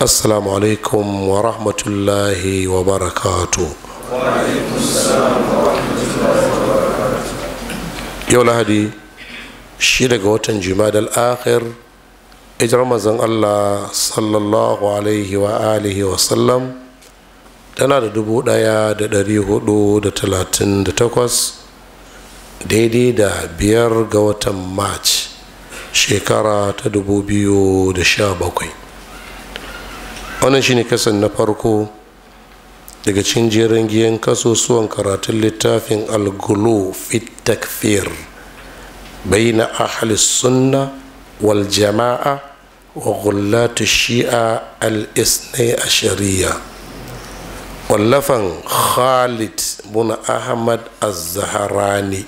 assalamu alaikum wa rahmatullahi wa barakatu yau lahadi shi daga watan da akhir ijar mazan allah sallallahu alaihi wa alihi wa sallam tana da dubu daya da dari hudu da talatin da takwas daidai da biyar ga watan march shekara ta dubu biyu da sha bakwai wannan shine kasan na farko daga cikin jerin giyan kasusuwan karatun littafin algulu fit takfir baina ahal sunna wal jama'a wa gullatu shi'a al-isnai shari'a wallafan khalid muna ahmad az-zaharani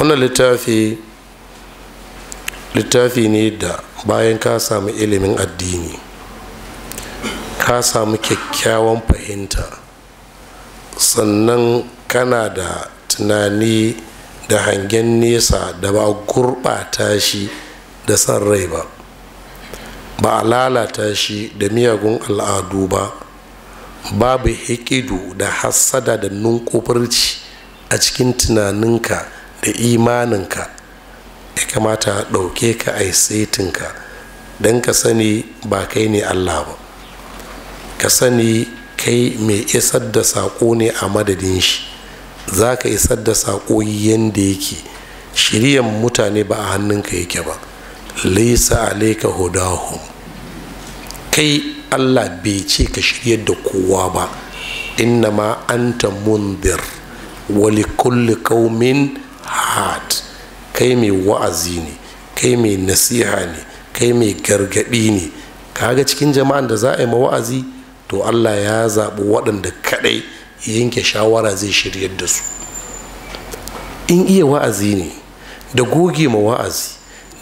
wannan littafi littafi ne da bayan ka samu ilimin addini ka samu kyakkyawan fahimta sannan kana da tunani da hangen nesa da ba gurɓata shi da san rai ba ba a lalata shi da miyagun al'adu ba babu hikidu da hassada da nunkufurci a cikin tunaninka da imaninka kamata a ɗauke ka a setinka don ka sani ba kai ne allah ba ka sani kai mai isar da saƙo ne a madadin shi za ka isar da saƙo yadda yake shiryan mutane ba a hannunka yake ba laisa alaika hudahum kai allah bai ce ka shiryar da kowa ba innama ta mundir wali kulli kaumin had kai mai wa'azi ne kai mai nasiha ne kai mai gargaɗi ne kaga cikin jama'an da za a yi ma wa'azi to allah ya zaɓi waɗanda kaɗai yanke shawara zai shiryar da su in iya wa'azi ne da goge ma wa'azi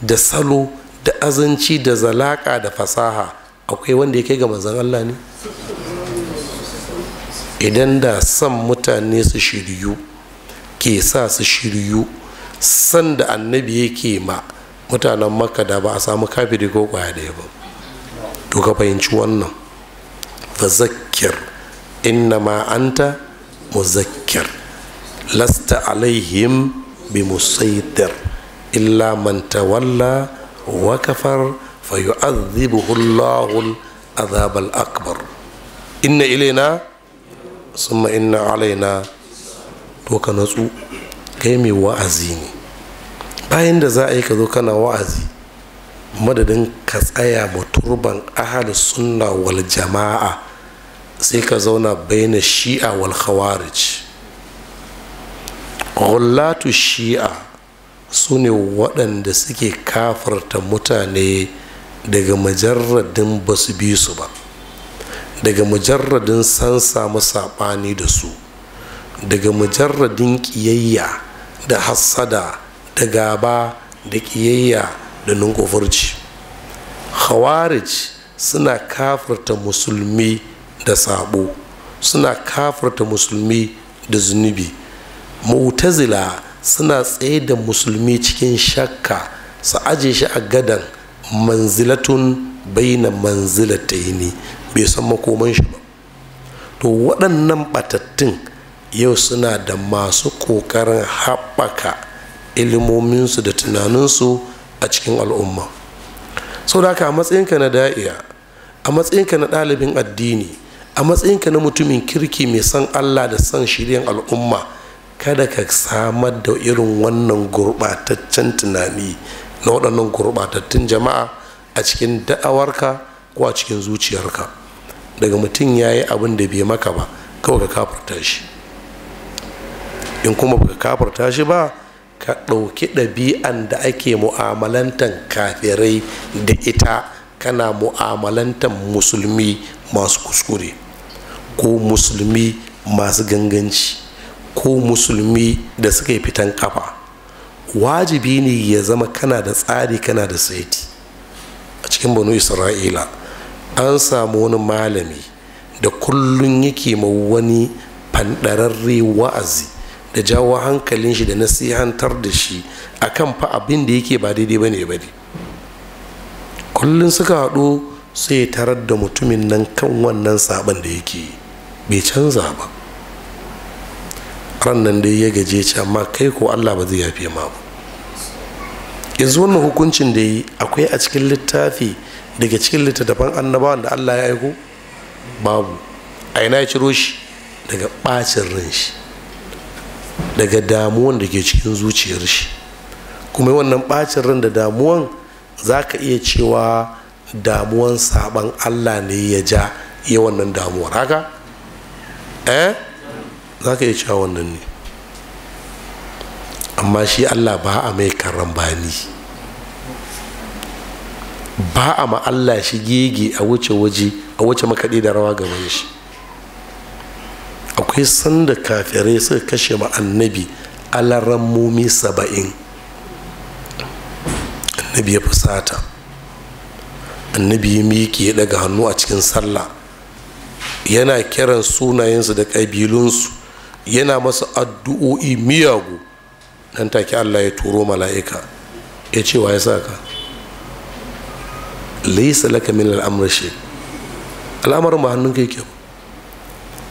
da salo da azanci da zalaka da fasaha akwai wanda ya kai ga manzan allah ne idan da son mutane su shiryu ke sa su shiryu Sanda annabi yake ma mutanen makka da ba a samu kafiri ko kwaya da ba to ka fahimci wannan fa zakkir innama anta muzakkir lasta alaihim bi musaitar illa man tawalla wa kafar fa yu'adhibuhu Allahu al-adhab al-akbar inna ilaina summa inna alaina to ka natsu kai mai wa'azi ne bayan da za a yi ka zo kana wa'azi madadin ka tsaya turban ahali sunna wal jama'a sai ka zauna baina shi'a wal khawarij ghullatu shi'a su ne waɗanda suke kafarta mutane daga majarradin ba su bi su ba daga mujarradin san samu saɓani da su daga mujarradin ƙiyayya da hassada da gaba da ƙiyayya da nunkufurci khawarij suna kafirta musulmi da sabo suna kafirta musulmi da zunubi mu'tazila suna tsaye da musulmi cikin shakka su aje shi a gadan manzilatun baina ne bai san makoman shi ba to waɗannan batattun yau suna da masu kokarin haɓaka ilimominsu da tunaninsu a cikin al'umma sau da a matsayinka na da'iya a matsayinka na ɗalibin addini a matsayinka na mutumin kirki mai san allah da san shirin al'umma kada ka samar da irin wannan gurɓataccen tunani na waɗannan gurɓatattun jama'a a cikin da'awarka ko a cikin zuciyarka daga mutum ya yi abin da bai maka ba kawai ka kafarta shi in kuma baka kafarta shi ba ka ɗauki ɗabi'an da ake mu'amalantan kafirai da ita kana mu'amalantan musulmi masu kuskure ko musulmi masu ganganci ko musulmi da suka yi fitan kafa wajibi ne ya zama kana da tsari kana da saiti a cikin banu isra'ila an samu wani malami da kullum yake ma wani fanɗararre wa'azi da jawo hankalin shi da nasihantar da shi akan fa abin da yake ba daidai ba ne ba ne kullum suka haɗu sai tarar da mutumin nan kan wannan saban da yake bai canza ba ran nan dai ya gaje ci amma kai ko allah ba zai yafe ma ba yanzu wannan hukuncin da yi akwai a cikin littafi daga cikin littattafan annabawan da allah ya aiko babu a ina ya ciro shi daga ɓacin ran shi daga damuwan da ke cikin zuciyar shi kuma wannan bacin ran da damuwan za ka iya cewa damuwan saban allah ne ya ja iya wannan damuwar haka eh za ka iya cewa wannan ne amma shi allah ba a mai karan bani ba a ma allah shi gege a wuce waje a wuce makaɗi da rawa gaban shi akwai sanda kafirai suka kashe ma annabi mumi saba'in annabi ya fusata annabi ya miƙe ya daga hannu a cikin sallah yana kiran sunayensu da ƙabilunsu yana masa addu'o'i miyagu nan take allah ya turo mala'ika ya ce wa ya sa ka laisa laka min al'amur shi al'amarin ba hannun kai kyau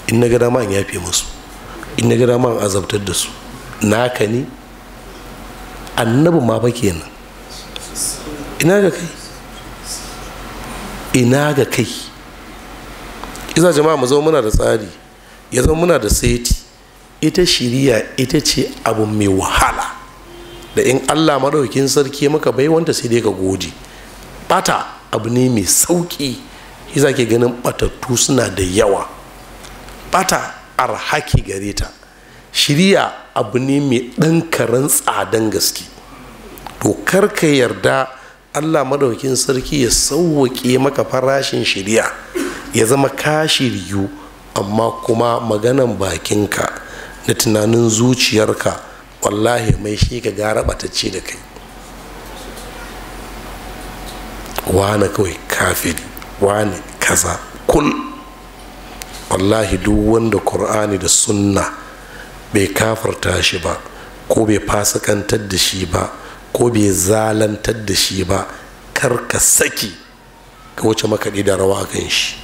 in na gada dama in yafe musu in na gada dama azabtar da su naka ne annabi ma fa kenan ina ga kai ina ga kai iza jama'a mu zama muna da tsari ya zama muna da saiti ita shiriya ita ce abu mai wahala da in allah maɗaukin sarki maka bai wanta sai dai ka gode ɓata abu ne mai sauƙi iza ke ganin batattu suna da yawa bata arhaki gare ta shirya abu ne mai ɗan karen tsadan gaske to karka yarda allah maɗaukin sarki ya sauwaƙe maka farashin shirya ya zama ka shiryu amma kuma maganan bakinka da tunanin zuciyarka wallahi mai shi ka gara batacce da kai wane kawai kafin wane kaza kul wallahi duk wanda qur'ani da sunna bai kafarta shi ba ko bai fasikantar da shi ba ko bai zalantar da shi ba kar ka saki ka wuce makaɗi da rawa kan shi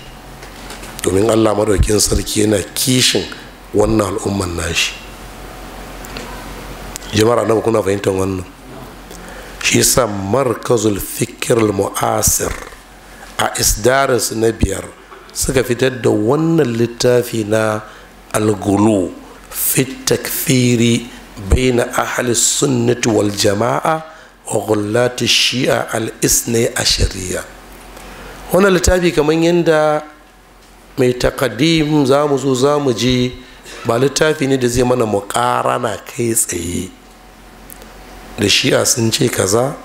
domin allah madaukin sarki yana kishin wannan al'umman nashi jama'ar nawa kuna fahimtar wannan shi sa markazul fikir mu'asir a isdarinsu na biyar suka fitar da wannan littafi na algulu fit bai baina ahli sunnati wal jama'a wa ghullati shi'a al isne shari'a. wannan littafi kamar yadda mai takadim za mu zo za mu je ba littafi ne da zai mana na kai tsaye da shi'a sun ce kaza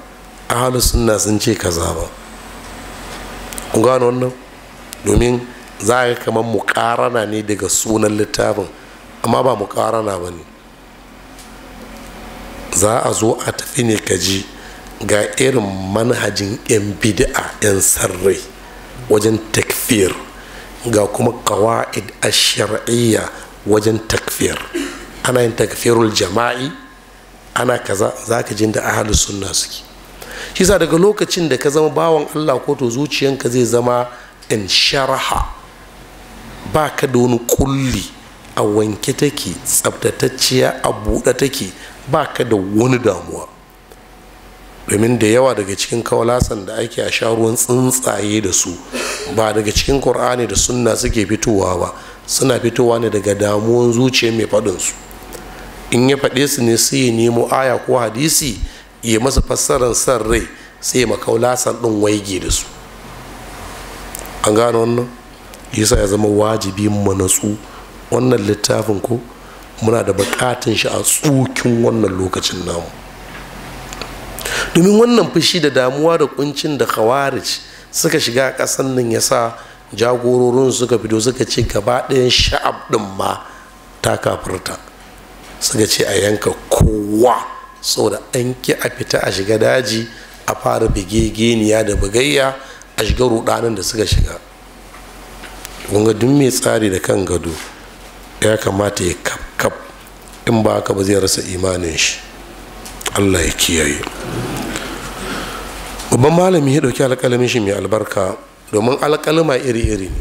ahalis sunna sun ce kaza ba gano wannan domin za a yi kamar muƙarana ne daga sunan littafin amma ba muƙarana ba ne za a zo a tafi ne ka ji ga irin manhajin 'yan bid'a 'yan sarrai wajen takfir ga kuma kawa'id a shariyya wajen takfir ana yin takfirul jama'i ana kaza za ka jin da ahalus sunna suke shi sa daga lokacin da ka zama bawan allah ko to zuciyanka zai zama in sharaha ba ka da wani kulli a wanke take tsabtatacciya a buɗe take ba ka da wani damuwa domin da yawa daga cikin kawalasan da ake a sha ruwan tsuntsaye da su ba daga cikin ƙur'ani da sunna suke fitowa ba suna fitowa ne daga damuwan zuciya mai faɗinsu in ya faɗe su ne sai ya nemo aya ko hadisi ya masa fassarar san rai sai makaulasan ɗin waige da su an gano wannan yasa ya zama wajibi mu natsu wannan littafin ko muna da bukatun shi a tsukin wannan lokacin namu domin wannan fushi da damuwa da kuncin da khawarij suka shiga kasan nan yasa jagororin suka fito suka ce gaba ɗayan sha'ab ɗin ma ta kafirta suka ce a yanka kowa saboda an ki a fita a shiga daji a fara bigegeniya da bugayya a shiga rudanin da suka shiga ga duk mai tsari da kan gado ya kamata ya kap kap in ba haka ba zai rasa imanin shi allah ya kiyaye babban malami ya dauki alkalamin shi mai albarka domin alkalama iri-iri ne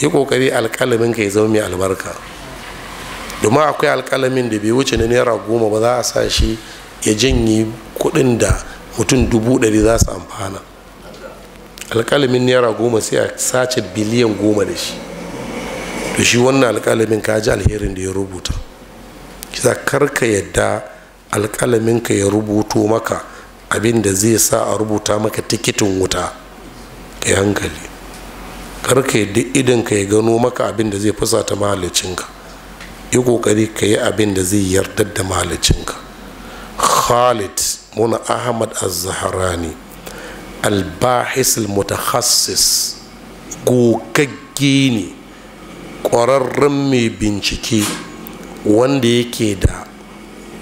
yi ƙoƙari alkalamin ka ya zama mai albarka domin akwai alkalamin da bai wuce na naira goma ba za a sa shi ya janye kuɗin da mutum dubu ɗari za su amfana alƙalamin naira goma sai a sace biliyan goma da shi to shi wannan alƙalamin ka ji alherin da ya rubuta shi za karka yadda alƙalamin ka ya rubuto maka abin da zai sa a rubuta maka tikitin wuta ka hankali karka yadda ka ya gano maka abin da zai fusata mahalicinka yi kokari ka yi abin da zai yardar da mahalicinka khalid muna ahmad az-zaharani albahisul mutakhassis gogagge ne ƙwararren mai bincike wanda yake da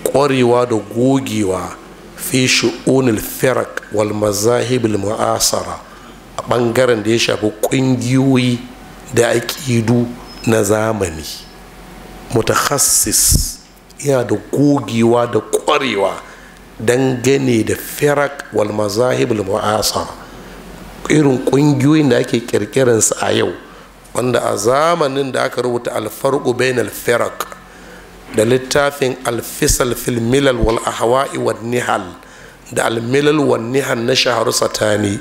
ƙwarewa da gogewa fi shu'unil firak wal mazahibil mu'asara a ɓangaren da ya shafi ƙungiyoyi da aƙidu na zamani mutakhassis yana da gogewa da ƙwarewa dangane da firak wal mazahibul mu'asa irin ƙungiyoyin da ake su a yau wanda a zamanin da aka rubuta alfarƙu bainal firak da littafin alfisal fil milal wal ahwa'i wal nihal da almilal wal nihal na shaharu satani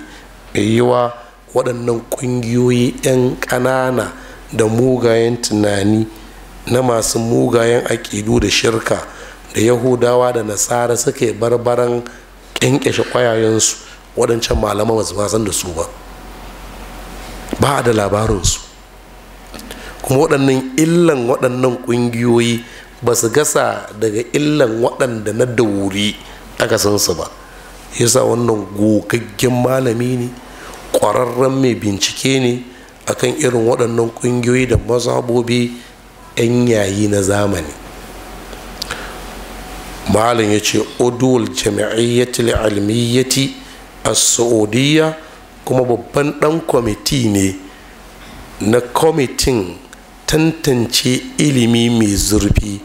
mai yiwa waɗannan ƙungiyoyi 'yan ƙanana da mugayen tunani na masu mugayen aƙidu da shirka da yahudawa da nasara suke barbaran kyankyashe kwayayensu waɗancan malama ba su san da su ba ba a da labarinsu kuma waɗannan illan waɗannan ƙungiyoyi ba su gasa daga illan waɗanda na da wuri aka san su ba yasa wannan gogaggen malami ne ƙwararren mai bincike ne akan irin waɗannan ƙungiyoyi da mazhabobi 'yan yayi na zamani malam ya ce udul jami'ayyati almiyyati a saudiya kuma babban dan kwamiti ne na kwamitin tantance ilimi mai zurfi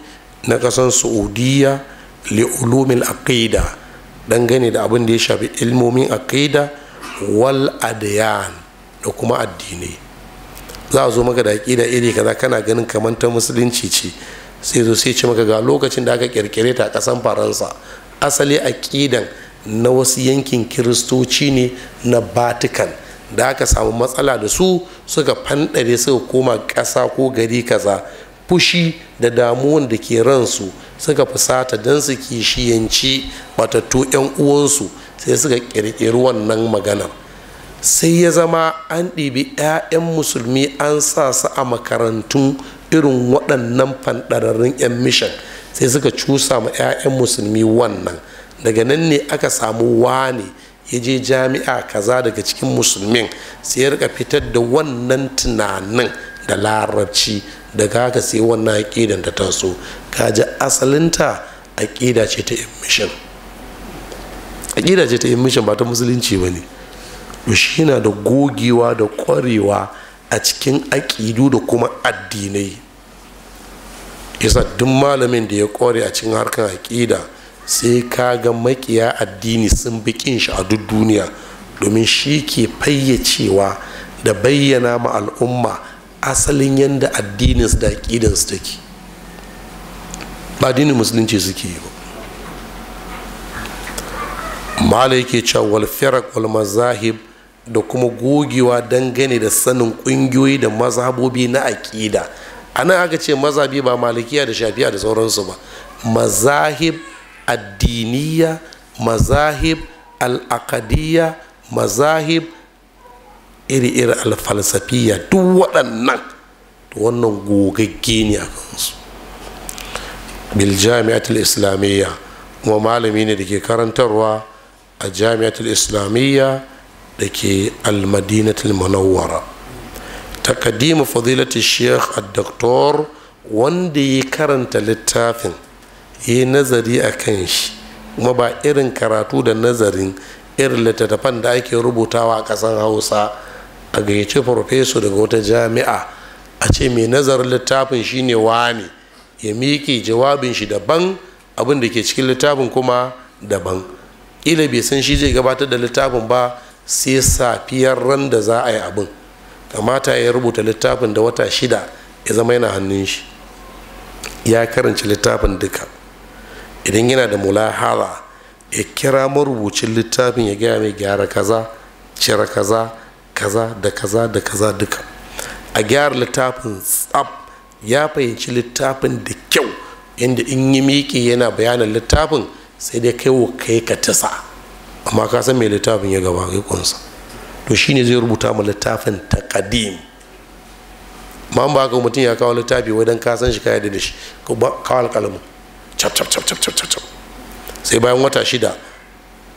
na kasan saudiya ulumil aqida dangane da abin da ya shafi ilmomin aqida wal adyan da kuma addinai za a zo maka da aƙida iri kaza kana ganin kamar ta musulunci ce sai zo sai ci maka ga lokacin da aka kirkire ta a ƙasan faransa asali aƙidan na wasu yankin kiristoci ne na batikan da aka samu matsala da su suka fanɗare suka koma ƙasa ko gari kaza fushi da damuwan da ke ransu suka fusata don su shiyanci matattu 'yan uwansu sai suka ƙirƙiri wannan maganar sai ya zama an ɗibi 'ya'yan musulmi an sa su a makarantun irin waɗannan fanɗararrun 'yan mishan sai suka cusa ma 'ya'yan musulmi wannan daga nan ne aka samu wane ya je jami'a kaza daga cikin musulmin sai ya rika fitar da wannan tunanin da larabci daga haka sai wannan aƙidan ta taso kaji asalinta aƙida ce ta emission aƙida ce ta emission ba ta musulunci ba ne shi na da gogewa da ƙwarewa a cikin aƙidu da kuma addinai isa duk malamin da ya ƙware a cikin harkar aƙida sai ka ga makiya addini sun bi ƙin shi a duk duniya domin shi ke fayyacewa da bayyana ma al'umma asalin yadda addininsu da aƙidansu take ba addinin musulunci suke yi ba malai ke cewa wal firak wal mazahib da kuma gogewa dangane da sanin ƙungiyoyi da mazhabobi na aƙida a nan aka ce mazhabi ba malikiya da shafiya da sauransu ba mazahib addiniya mazahib al'akadiyya mazahib iri-iri alfalsafiya duk waɗannan wannan gogagge ne a kansu bil jami'atul islamiyya kuma malami ne da ke karantarwa a jami'atul islamiyya da ke almadinatul munawwara kadima fadilatul sheikh doktor wanda ya karanta littafin ya yi nazari a kan shi kuma ba irin karatu da nazarin irin littattafan da ake rubutawa a ƙasar hausa a gayyace farfeso daga wata jami'a a ce mai nazarin littafin shine wani ya miƙe jawabin shi daban abin da ke cikin littafin kuma daban ila bai san shi zai gabatar da littafin ba sai safiyar ran da za a yi abin kamata ya rubuta littafin da wata shida ya zama yana hannun shi ya karanci littafin duka idan yana da mulahara ya kira marubucin littafin ya gaya mai gyara kaza cire kaza kaza da kaza da kaza duka a gyara littafin tsab ya fahimci littafin da kyau inda in yi miƙe yana bayanin littafin sai dai kai wa kai ka tasa amma ka san mai littafin ya gaba kai kunsa to shine zai rubuta ma littafin taqdim ma ba ka mutum ya kawo littafi wadan ka san shi ka yadda da shi ka kawo alƙalamin cap cap cap cap cap sai bayan wata shida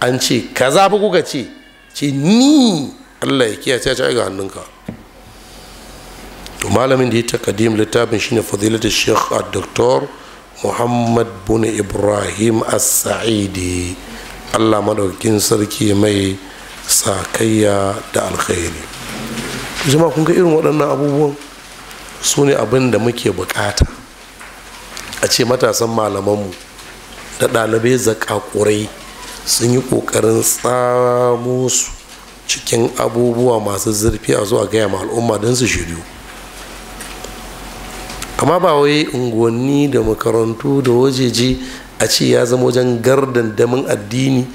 an ce kaza fa kuka ce ce ni Allah ya kiyace ta ga hannunka to malamin da ya takadim littafin shine fadilatu sheikh a doktor muhammad bin ibrahim as-sa'idi allah maɗaukin sarki mai sakayya da alkhairi jama'a kun ga irin waɗannan abubuwan su ne abin da muke buƙata. a ce matasan mu da ɗalibai zakakurai sun yi ƙoƙarin tsamo su cikin abubuwa masu zurfi a zuwa gaya ma al'umma don su shiryu amma ba wai unguwanni da makarantu da wajeji a ce ya zama wajen gardan damin addini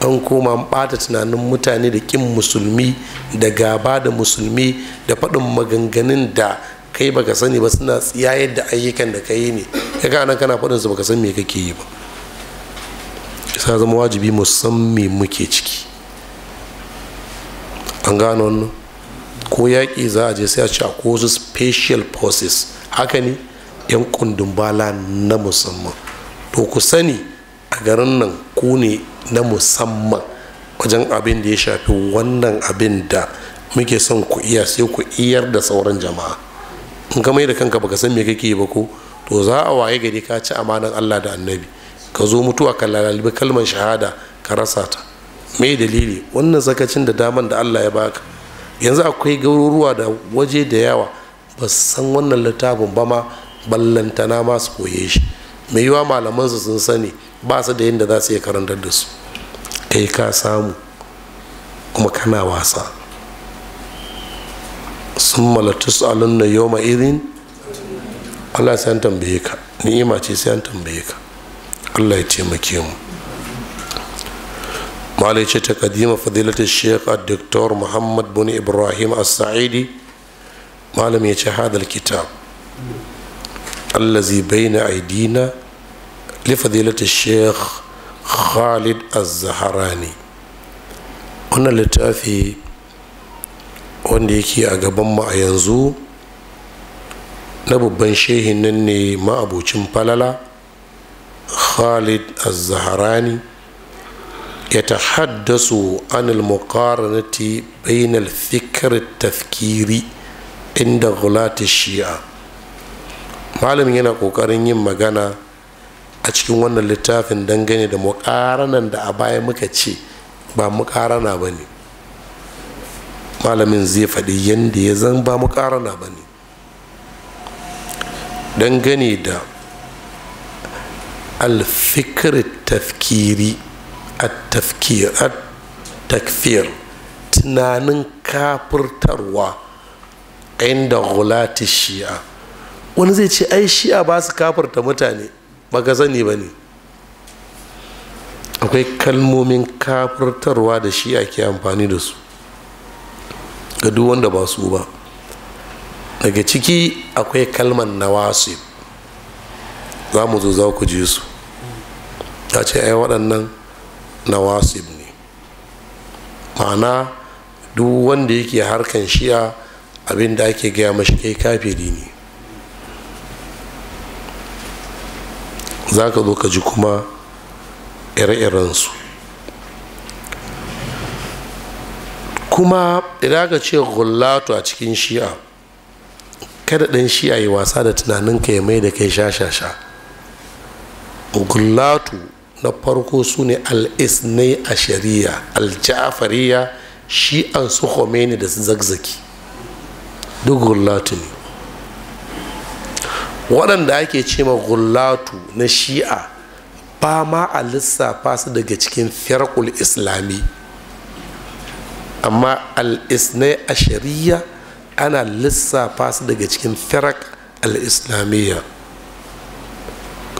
an koma bata tunanin mutane da kin musulmi da gaba da musulmi da faɗin maganganun da kai baka sani ba suna tsiyayar da ayyukan da ka yi ne kaga anan kana faɗin su baka san me kake yi ba sa zama wajibi mu san me muke ciki an gano wannan ko yaƙi za a je sai a ci a ko special forces haka ne yan kundin bala na musamman to ku sani a garin nan ku ne na musamman wajen abin da ya shafi wannan abin da muke son ku iya sai ku iyar da sauran jama'a in ka mai da kanka baka san me kake ba ko to za a waye gari ka ci amanan Allah da annabi ka zo mutuwa ka lalabi kalmar shahada ka rasa ta mai dalili wannan sakacin da daman da Allah ya baka yanzu akwai garuruwa da waje da yawa ba san wannan littafin ba ma ballantana ma su koye shi mai yiwa malamansu sun sani ba su da yadda za su iya karantar da su kai ka samu kuma kana wasa sun malatu su na yoma irin allah sai an tambaye ka ni'ima ce sai an tambaye ka allah ya taimake mu malai ce ta kadima fadilata sheikh a doktor muhammad bin ibrahim as-sa'idi malam ya ce hadal kitab allazi baina aidina lifadilata sheikh khalid az-zaharani wannan littafi wanda yake a gaban mu a yanzu na babban shehin nan ne ma'abucin falala khalid az-zaharani ya ta haddasu anil muqaranati bainal fikir tafkiri inda gulati shi'a malamin yana ƙoƙarin yin magana a cikin wannan littafin dangane da mukaranan da a baya muka ce ba mukarana ba ne malamin zai faɗi yadda ya zan ba mukarana ba ne dangane da alfikir tafkiri a takfir tunanin kafirtarwa inda gulati shi'a wani zai ce ai shi'a ba su kafirta mutane ba bagazani ba ne akwai kalmomin kafirtarwa da shi ke amfani da su ga duk wanda ba su ba daga ciki akwai kalman nawasib za mu zo za ku ji su ta ce ai waɗannan nawasib ne ma'ana duk wanda yake harkan shi'a abin da ake gaya mashi kai kafiri ne za ka zo ka ji kuma ire-irensu kuma idan ka ce gullatu a cikin shi'a kada ɗan shi'a yi wasa da tunaninka ya mai da kai sha-sha-sha gullatu na farko su ne al'isnai a shari'a al-ja'afariya shi'an su khomeini da su zagzaki duk gullatu ne waɗanda ake ce ma gullatu na shi'a ba ma a lissafa su daga cikin firkul islami amma al-isnai a shari'a ana lissafa su daga cikin firak al-islamiyya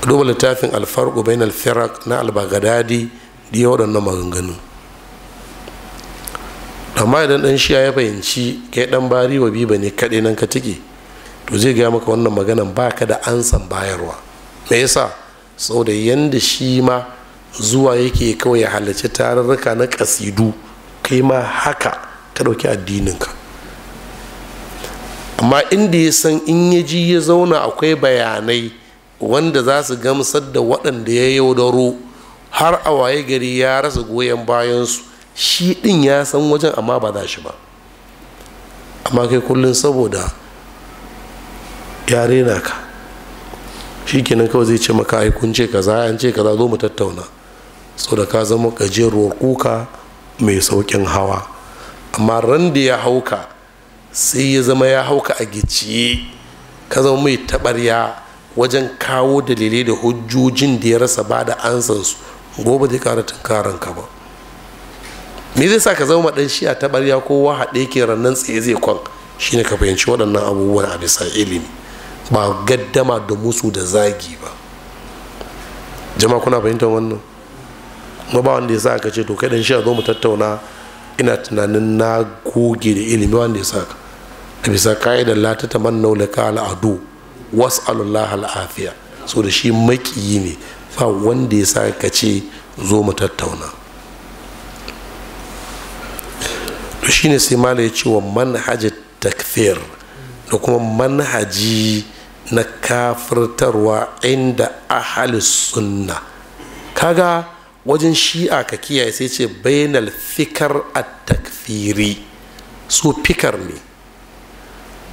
duba littafin alfarko bayan alfirak na albagadadi da ya waɗannan maganganu amma idan ɗan shi'a ya fahimci kai ɗan bari wa biba ne kaɗai nan ka tike to zai gaya maka wannan maganan baka da ansan bayarwa me yasa saboda yanda shi ma zuwa yake kawai ya halarci tarurruka na kasidu kai ma haka ka ɗauki addininka amma inda ya san in ya ji ya zauna akwai bayanai wanda za su gamsar da waɗanda ya yaudaro har a waye gari ya rasa goyon bayansu shi ɗin ya san wajen amma ba za shi ba amma kai kullum saboda ya rena ka shi kenan kawai zai ce maka ai kun ce kaza an ce kaza zo mu tattauna so da ka zama gajeruwar kuka mai saukin hawa amma ran da ya hauka sai ya zama ya hauka a gicciye ka zama mai taɓarya wajen kawo dalilai da hujjojin da ya rasa ba da ansansu gobe zai kara tunkaran ka ba me zai sa ka zama ɗan shi a taɓarya ko wahaɗe ke rannan tsaye zai kwan shine ka fahimci waɗannan abubuwan a bisa ilimi ba gaddama da musu da zagi ba jama kuna fahimtar wannan ma ba wanda ya sa ka ce to kai dan shi a zo mu tattauna ina tunanin na goge da ilimi wanda ya sa ka a bisa ka'idar lati ta tamanna ka al'adu wasu alullah al'afiya so da shi makiyi ne fa wanda ya sa ka ce zo mu tattauna to shine sai mala ya ce wa manhajar takfir da kuma manhaji na kafirtarwa inda ahalus sunna kaga wajen shi'a ka kiyaye sai ce bainal fikar a takfiri su fikar ne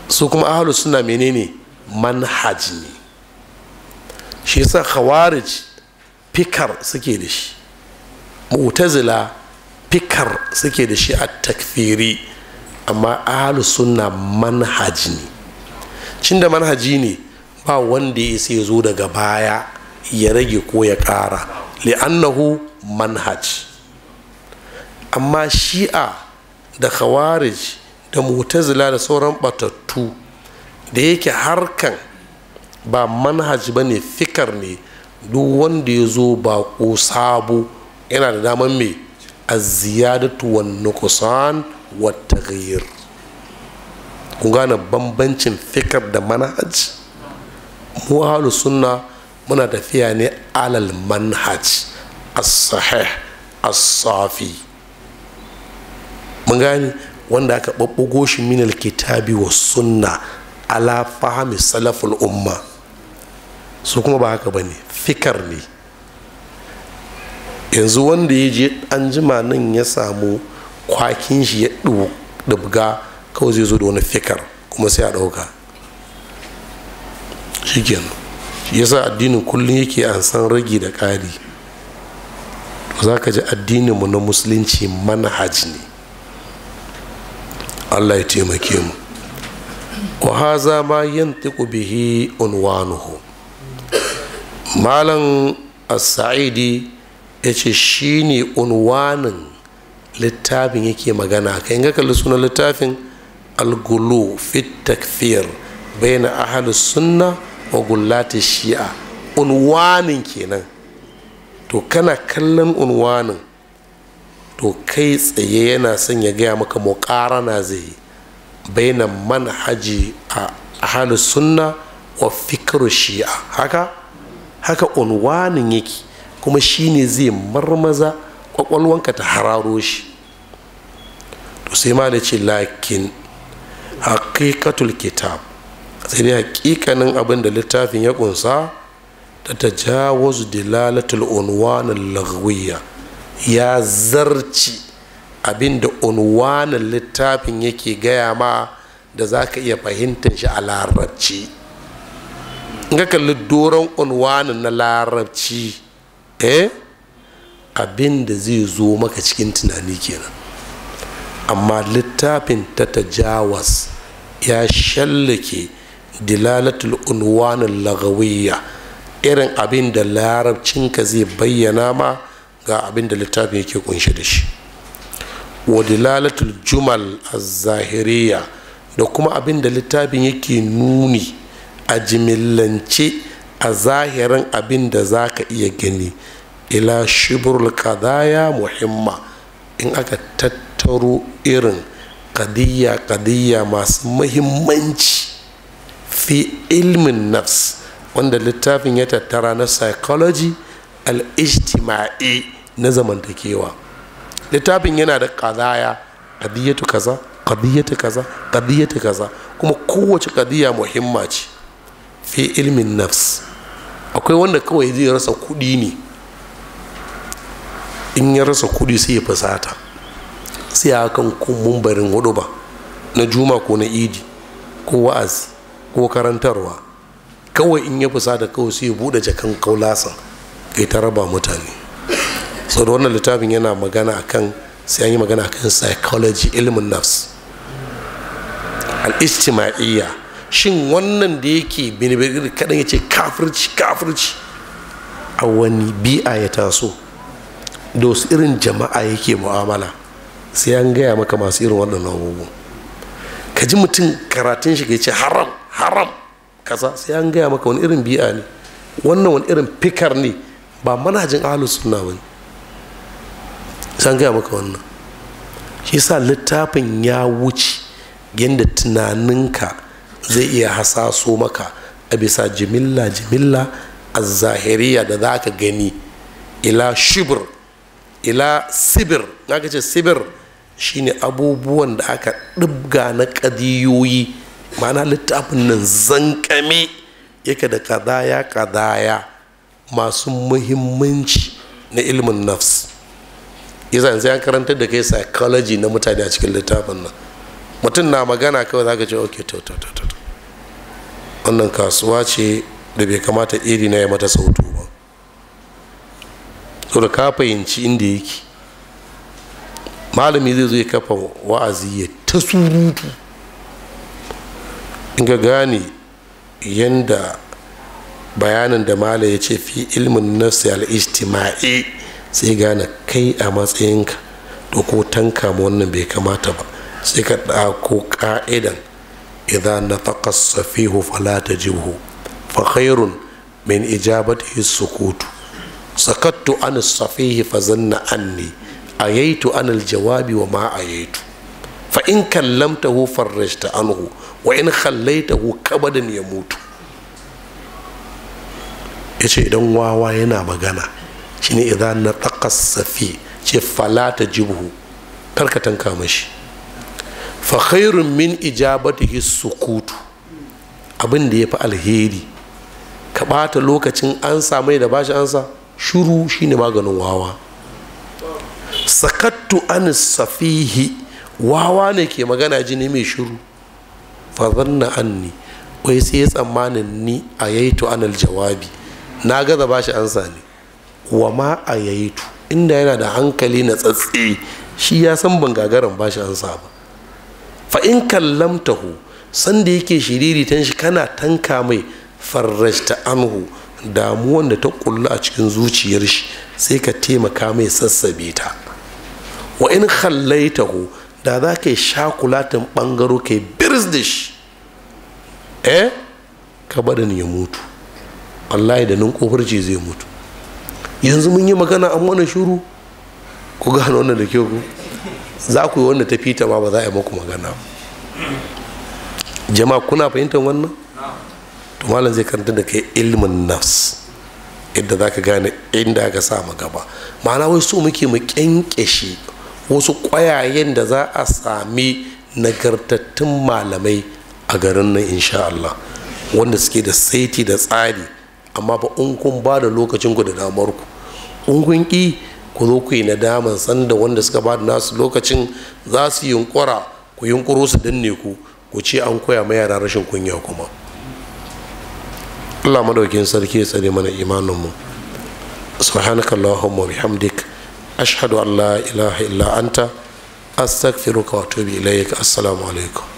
su kuma ahalus sunna menene manhaji ne shi yasa khawarij fikar suke da shi mu'tazila fikar suke da shi a takfiri amma ahalus sunna manhaji ne cin da manhaji ne ba wanda ya sai zo daga baya ya rage ko ya ƙara li'annahu manhaj amma shi'a da khawarij da mutazila da sauran batattu da yake harkan ba manhaj ba ne fikar ne duk wanda ya zo ba ko sabo yana da daman mai aziyadatu wa nukusan wa taghyir kun gane bambancin fikar da manhaj mu halu sunna muna tafiya ne alal manhaj as-sahih as-safi mun gani wanda aka babbugo shi min al-kitabi wa sunna ala fahmi salaful umma su kuma ba haka bane fikar ne yanzu wanda ya je an jima nan ya samu kwakin shi ya dubga kawai zai zo da wani fikar kuma sai a ɗauka shigen shi yasa addinin kullum yake an san ragi da ƙari za ka ji addininmu na musulunci manhaj ne allah ya taimake mu wa haza ma yantiqu bihi unwanuhu malam as-sa'idi yace shine unwanin littafin yake magana ka ga kalli sunan littafin al-gulu fi takfir bayna sunna wa shi'a unwanin kenan to kana kallon unwanin to kai tsaye yana son ya gaya maka na zai yi baina manhaji a halin sunna wa fikiru shi'a haka haka unwanin yake kuma shi ne zai marmaza kwakwalwanka ta hararo shi to sai ma da ce lakin haƙiƙatul kitab sai dai hakikanin abin da littafin ya kunsa ta ta tajawuz dilalatul unwan lagwiya ya zarci abin da unwanin littafin yake gaya ma da za ka iya fahimtar shi a larabci in ka kalli doron unwanin na larabci eh abin da zai zo maka cikin tunani kenan amma littafin ta ta jawas ya shallake dilalatul unwanin lagawiyya irin abin da larabcinka zai bayyana ma ga abin da littafin yake kunshi da shi wa dilalatul jumal zahiriya da kuma abin da littafin yake nuni a jimillance a zahirin abin da za ka iya gani ila shibrul kadaya muhimma in aka tattaro irin kadiyya kadiyya masu muhimmanci fi ilmin nafs wanda littafin ya tattara na psychology al-ijtima'i na zamantakewa littafin yana da kazaya kadiyatu kaza kadiyatu kaza kadiyatu kaza kuma kowace kadiya muhimma ce fi ilmin nafs akwai wanda kawai zai rasa kudi ne in ya rasa kudi sai ya fusata sai a kan kumbun barin hudu ba na juma ko na idi ko wa'azi ko karantarwa kawai in ya fusa da kawai sai ya buɗe jakan kaulasa ya ta raba mutane sau da wannan littafin yana magana akan sai an yi magana akan psychology ilmin nafs al-istima'iyya shin wannan da yake binibir kaɗan ya ce kafirci kafirci a wani bi'a ya taso da wasu irin jama'a yake mu'amala sai an gaya maka masu irin waɗannan abubuwan ka ji mutum karatun shi ya ce haram haram kaza sai an gaya maka wani irin bi'a ne wannan wani irin fikar ne ba manhajin ahalus sunna bane sai an gaya maka wannan shi sa littafin ya wuce yadda tunaninka zai iya hasaso maka a bisa jimilla jimilla a zahiriya da za ka gani ila shibir ila sibir na ce sibir shine abubuwan da aka ɗibga na ƙadiyoyi ma'ana littafin nan zankame yake da kadaya kadaya masu muhimmanci na ilmin nafs yasa yanzu ya karanta da kai psychology na mutane a cikin littafin nan mutum na magana kawai za ka ce ok to to wannan kasuwa ce da bai kamata iri na ya mata sautu ba so da ka fahimci inda yake malami zai zo ya kafa wa'azi ya ta surutu in ga gane yanda bayanin da mala ya ce fi ilmin nasi al-istima'i sai gane kai a matsayinka to ko tanka wannan bai kamata ba sai ka ɗako ka'idan idan na taƙas safihu falata ta jihu fa khairun min ijabatihi sukutu sakattu an safihi fa zanna anni ayaitu an aljawabi wa ma ayaitu fa in kallamtahu farrajta anhu wa in khallaitahu kabadan ya mutu yace idan wawa yana magana shine idan na taqas safi ce falata jibhu karka tanka mashi fa khairun min ijabatihi sukutu abin da yafi alheri ka bata lokacin ansa mai da bashi ansa shuru shine maganin wawa sakattu an safihi wawa ne ke magana jini mai shuru fa anni wai sai tsammanin ni a yaitu anal jawabi na gaza ba shi ansa ne wa ma a yaitu inda yana da hankali na tsatse shi ya san ban gagaran ba shi ansa ba fa in kallamtahu sanda yake shiriri tan shi kana tanka mai farrajta anhu damuwan da ta kullu a cikin zuciyar shi sai ka taimaka mai sassabe ta wa in khallaitahu da za ka yi shakulatin bangaro ka biris da shi eh kabarin ya mutu wallahi da nan ce zai mutu yanzu mun yi magana an mana shuru ku gane wannan da ke ku za ku yi wanda ta fita ma ba za a yi muku magana jama'a kuna fahimtar wannan to malam zai karanta da kai ilmin nafs yadda za ka gane inda ka sa mu gaba ma'ana wai so muke mu kyankyashe wasu ƙwayayen da za a sami nagartattun malamai a garin nan insha Allah wanda suke da saiti da tsari amma ba in ba da lokacin ku da damar ku in kun ki ku zo ku yi nadaman sanda wanda suka ba da nasu lokacin za su yunkura ku yunkuro su danne ku ku ce an koya ma yara rashin kunya kuma Allah madaukin sarki ya tsare mana imanin mu subhanakallahumma bihamdik ashhadu an la ilaha illa anta astaghfiruka wa atubu ilayk assalamu alaikum